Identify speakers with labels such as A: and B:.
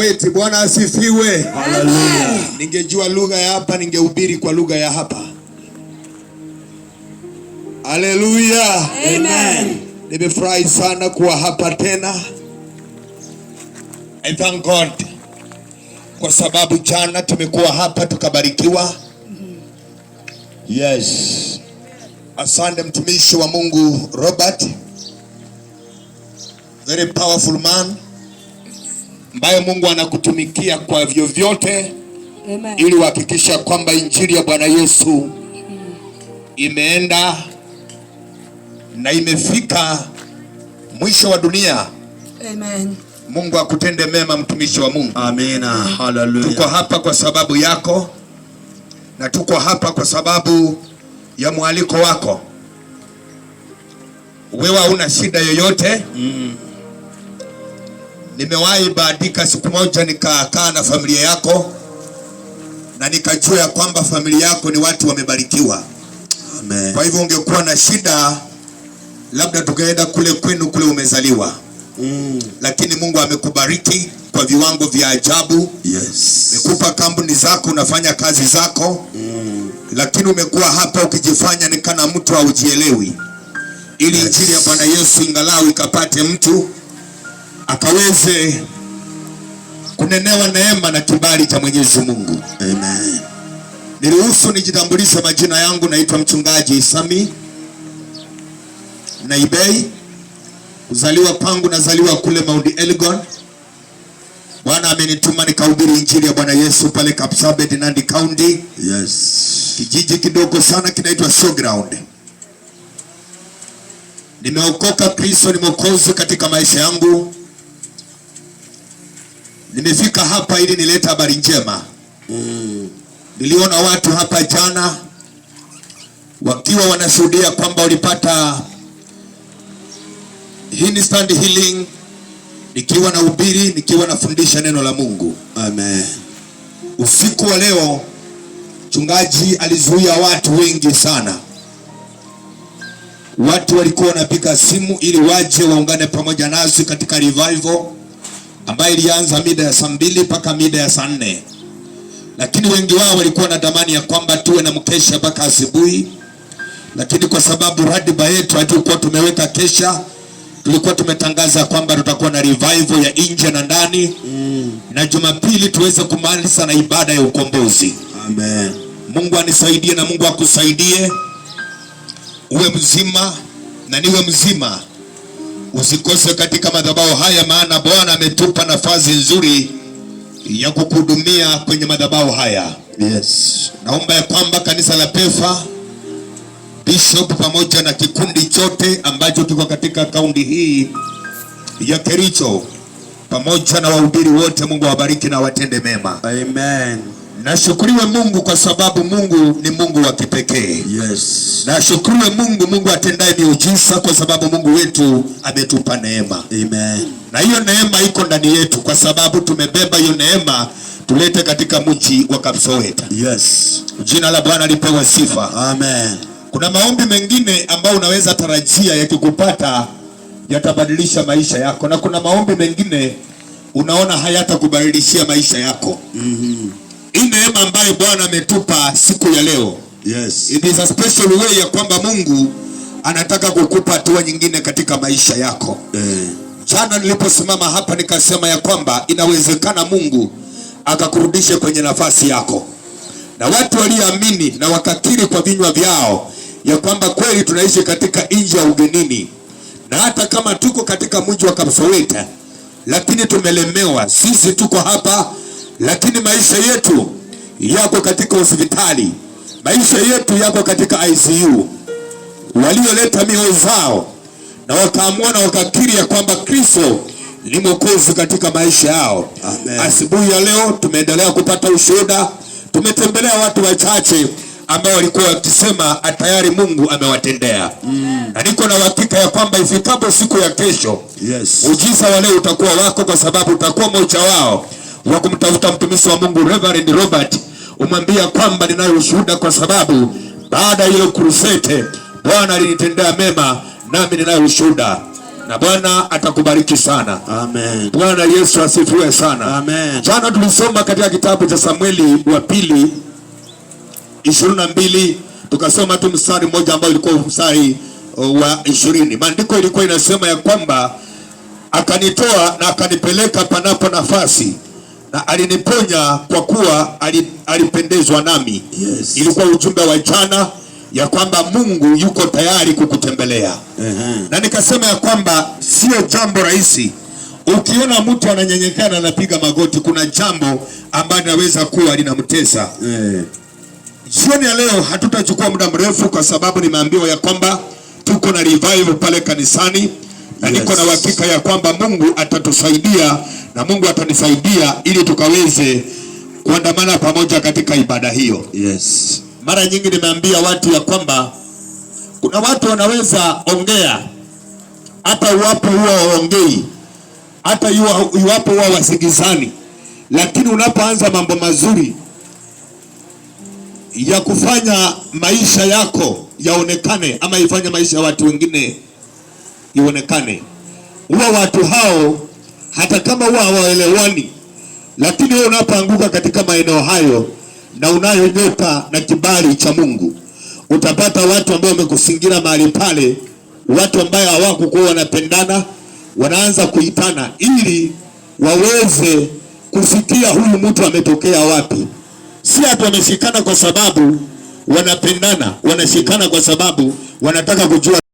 A: Eti Bwana asifiwe.
B: Haleluya.
A: Ningejua lugha ya hapa ningehubiri kwa lugha ya hapa. Haleluya.
B: Amen.
A: Nimefurahi sana kuwa hapa tena. I thank God. Kwa sababu jana tumekuwa hapa tukabarikiwa. Yes. Asante mtumishi wa Mungu Robert. Very powerful man ambaye Mungu anakutumikia kwa vyovyote ili uhakikisha kwamba injili ya Bwana Yesu imeenda na imefika mwisho wa dunia. Amen. Mungu akutende mema mtumishi wa Mungu.
B: Amina. Haleluya.
A: Tuko hapa kwa sababu yako na tuko hapa kwa sababu ya mwaliko wako. Wewe hauna shida yoyote. Mm. Nimewahi baadika siku moja nikakaa na familia yako na nikajua ya kwamba familia yako ni watu wamebarikiwa. Amen. Kwa hivyo ungekuwa na shida labda tukaenda kule kwenu kule umezaliwa mm. Lakini Mungu amekubariki kwa viwango vya ajabu yes. Mekupa kampuni zako unafanya kazi zako mm. Lakini umekuwa hapa ukijifanya ni kana mtu haujielewi, ili yes. Injili ya Bwana Yesu ingalau ikapate mtu akaweze kunenewa neema na kibali cha Mwenyezi Mungu.
B: Amen.
A: Niruhusu nijitambulishe, majina yangu naitwa mchungaji Isami Naibei, uzaliwa pangu, nazaliwa kule Mount Elgon. Bwana amenituma nikahubiri injili ya Bwana Yesu pale Kapsabet, Nandi County. Yes. Kijiji kidogo sana kinaitwa Showground. Nimeokoka, Kristo ni Mwokozi katika maisha yangu Nimefika hapa ili nilete habari njema mm. Niliona watu hapa jana wakiwa wanashuhudia kwamba walipata stand healing, nikiwa na ubiri, nikiwa nafundisha neno la Mungu Amen. Usiku wa leo mchungaji alizuia watu wengi sana. Watu walikuwa wanapiga simu ili waje waungane pamoja nasi katika revival ambayo ilianza mida ya saa mbili mpaka mida ya saa nne, lakini wengi wao walikuwa na damani ya kwamba tuwe na mkesha mpaka asubuhi, lakini kwa sababu ratiba yetu hatukuwa tumeweka kesha tulikuwa tumetangaza kwamba tutakuwa na revival ya nje na ndani mm. na Jumapili tuweze kumaliza na ibada ya ukombozi Amen. Mungu anisaidie na Mungu akusaidie, uwe mzima na niwe mzima usikose katika madhabahu haya, maana Bwana ametupa nafasi nzuri ya kukuhudumia kwenye madhabahu haya.
B: Yes.
A: Naomba ya kwamba kanisa la Pefa Bishop pamoja na kikundi chote ambacho kiko katika kaunti hii ya Kericho pamoja na wahubiri wote, Mungu awabariki na watende mema.
B: Amen.
A: Nashukuriwe Mungu kwa sababu Mungu ni Mungu wa kipekee. Yes. Nashukuriwe Mungu, Mungu atendaye miujiza kwa sababu Mungu wetu ametupa neema. Amen. Na hiyo neema iko ndani yetu kwa sababu tumebeba hiyo neema tulete katika mji wa Kapsoweta. Yes. Jina la Bwana lipewe sifa.
B: Amen.
A: Kuna maombi mengine ambayo unaweza tarajia yakikupata yatabadilisha maisha yako na kuna maombi mengine unaona hayatakubadilishia maisha yako. Mm -hmm. Hii neema ambayo Bwana ametupa siku ya leo. Yes. It is a special way ya kwamba Mungu anataka kukupa hatua nyingine katika maisha yako. Eh. Jana niliposimama hapa nikasema ya kwamba inawezekana Mungu akakurudishe kwenye nafasi yako. Na watu waliamini na wakakiri kwa vinywa vyao ya kwamba kweli tunaishi katika nchi ya ugenini. Na hata kama tuko katika mji wa Kapsoweta lakini tumelemewa. Sisi tuko hapa lakini maisha yetu yako katika hospitali, maisha yetu yako katika ICU. Walioleta mioyo zao na wakaamua na wakakiri ya kwamba Kristo ni mwokozi katika maisha yao. Asubuhi ya leo tumeendelea kupata ushuhuda, tumetembelea watu wachache ambao walikuwa wakisema ah, tayari Mungu amewatendea mm. Na niko na uhakika ya kwamba ifikapo siku ya kesho, yes, ujiza wa leo utakuwa wako, kwa sababu utakuwa mmoja wao wa kumtafuta mtumishi wa Mungu Reverend Robert, umwambia kwamba ninayo ushuhuda kwa sababu baada ya kurusete Bwana alinitendea mema, nami ninayo ushuhuda na Bwana atakubariki sana.
B: Amen.
A: Bwana Yesu asifiwe sana. Amen. Jana tulisoma katika kitabu cha Samueli wa pili 22 tukasoma tu mstari mmoja ambao ulikuwa mstari uh, wa 20. Maandiko ilikuwa inasema ya kwamba akanitoa na akanipeleka panapo nafasi na aliniponya kwa kuwa alipendezwa nami. Yes. Ilikuwa ujumbe wa jana ya kwamba Mungu yuko tayari kukutembelea. uh -huh. Na nikasema ya kwamba sio jambo rahisi. Ukiona mtu ananyenyekana anapiga magoti, kuna jambo ambalo linaweza kuwa linamtesa. uh eh. -huh. Jioni ya leo hatutachukua muda mrefu, kwa sababu nimeambiwa ya kwamba tuko na revival pale kanisani na yes. Niko na uhakika ya kwamba Mungu atatusaidia na Mungu atanisaidia ili tukaweze kuandamana pamoja katika ibada hiyo. Yes. Mara nyingi nimeambia watu ya kwamba kuna watu wanaweza ongea hata iwapo huwa waongei, hata iwapo huwa wasigizani, lakini unapoanza mambo mazuri ya kufanya maisha yako yaonekane ama ifanye maisha ya watu wengine ionekane, huwa watu hao hata kama huwa hawaelewani, lakini wewe unapoanguka katika maeneo hayo na unayo nyota na kibali cha Mungu, utapata watu ambao wamekusingira mahali pale, watu ambao hawakukuwa wanapendana, wanaanza kuitana ili waweze kufikia huyu mtu ametokea wapi. Si hatu wameshikana kwa sababu wanapendana, wanashikana kwa sababu wanataka kujua